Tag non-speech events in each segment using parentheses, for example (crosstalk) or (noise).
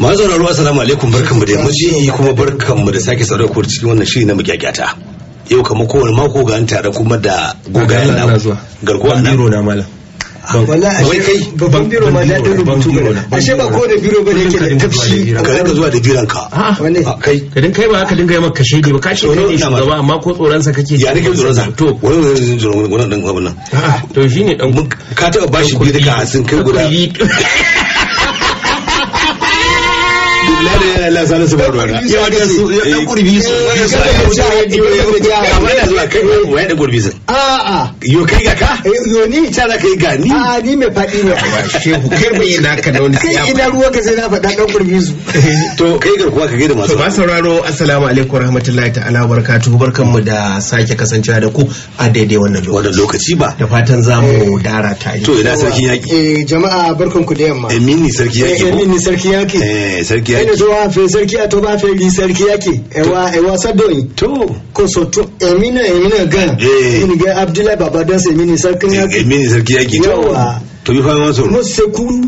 masu ruwa salamu alaikum barkanmu da yammaci kuma barkanmu da sake sauraro ku cikin wannan shiri na mukyakyata yau kamar kowane mako ga tare kuma da gogayen na garkuwa na biro na malam wai kai babban biro ma daɗin rubutu ne ashe ba kowane biro ba ne ke da tafshi ka rinka zuwa da biran ka kai ka kai ba haka dinga yi maka kashe ba ka ce kai ne shugaba amma ko tsoron sa kake ya nake tsoron sa to wani wani tsoron wannan dan abun nan to ne dan ka taɓa bashi biyu duka sun kai guda Allah sani su bar su su su a a yo kai a ni mai da wani siya kai idan assalamu alaikum rahmatullahi ta'ala barakatuhu barkanmu da sake kasancewa da ku a daidai wannan lokaci wannan lokaci ba da fatan za dara ta to ina sarki yaki eh jama'a barkanku da yamma emini sarki yaki emini sarki yaki eh sarki yaki ẹni tó wá fẹ́ sẹ́ríkì àti ọba fẹ́ di sẹ́ríkì yàkì ẹ̀wà ẹ̀wà sádọ̀yìn kò sọ tó ẹ̀mí náà ẹ̀mí náà gan ẹnìgẹ́ Abdullahi baba dansi ẹ̀mí ni sẹ́ríkì yàkì ẹ̀mí ni sẹ́ríkì yàkì tó tóbi fún wọn sọ̀rọ̀. mo ṣe kuru.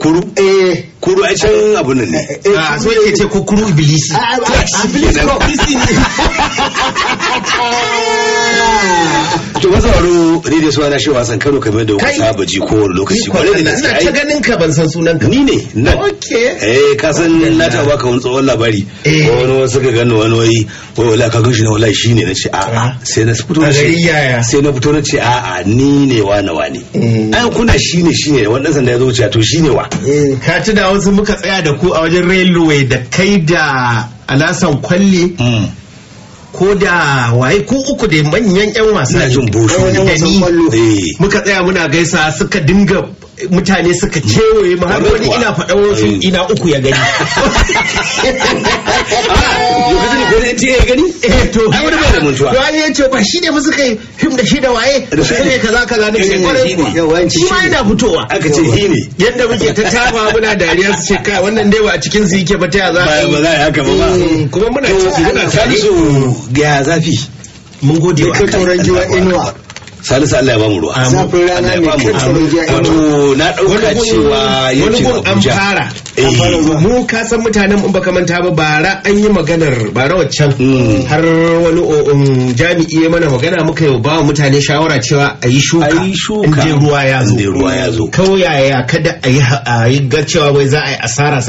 kuru. ẹẹ kuru a can abu nan ne. a so yake ce ko kuru ibilisi. Ah, ah, ibilisi ko kristi ne. yanzu rediyo suna na wasan kano kamar da wasa ba ji lokaci ba da gaske ta ganin ka ban san sunan ka ni ne na okay eh ka san na ta baka wani tsohon labari eh. wani wani suka gano wani wai wai wala ka gashi na wala shi ne na ce ah. a sai na fito na ce sai na fito na ce a ni ne wa na wa ne eh. ai kuna shi ne shi ne wannan sanda ya zo wuce to shi ne wa eh, ka ci da wasu muka tsaya da ku a wajen railway da kai da alasan kwalle hmm. ko da waye ko uku da manyan yan wasa ne jin bosho ne eh, eh. muka tsaya muna gaisa suka dinga mutane suka kewaye ma har wani ina faɗa wasu eh. ina uku ya gani (laughs) (laughs) ah, lokacin da gwani ta ya gani eh to ai wani muntuwa to ai yace ba shi ne ba suka yi fim da shi da waye shi ne kaza kaza eh, ne shi kwarai kuwa shi ma yana fitowa aka ce shi ne yadda muke ta tafa muna dariya su ce kai wannan dai ba a cikin su yake ba ta ya za a yi ba za a yi haka ba mm, kuma muna ci muna ci ga zafi mun gode wa kai tauran giwa inuwa salisu Allah ya ba mu ruwa zafin rana ne wato na dauka cewa ce Abuja eh. an fara mu ka san mutanen in baka manta ba bara an yi maganar bara waccan hmm. har wani um, jami'i ya mana magana muka yau ba mutane shawara cewa a yi shuka in ruwa ya zo kawai ya kada a yi ga cewa wai za a yi asara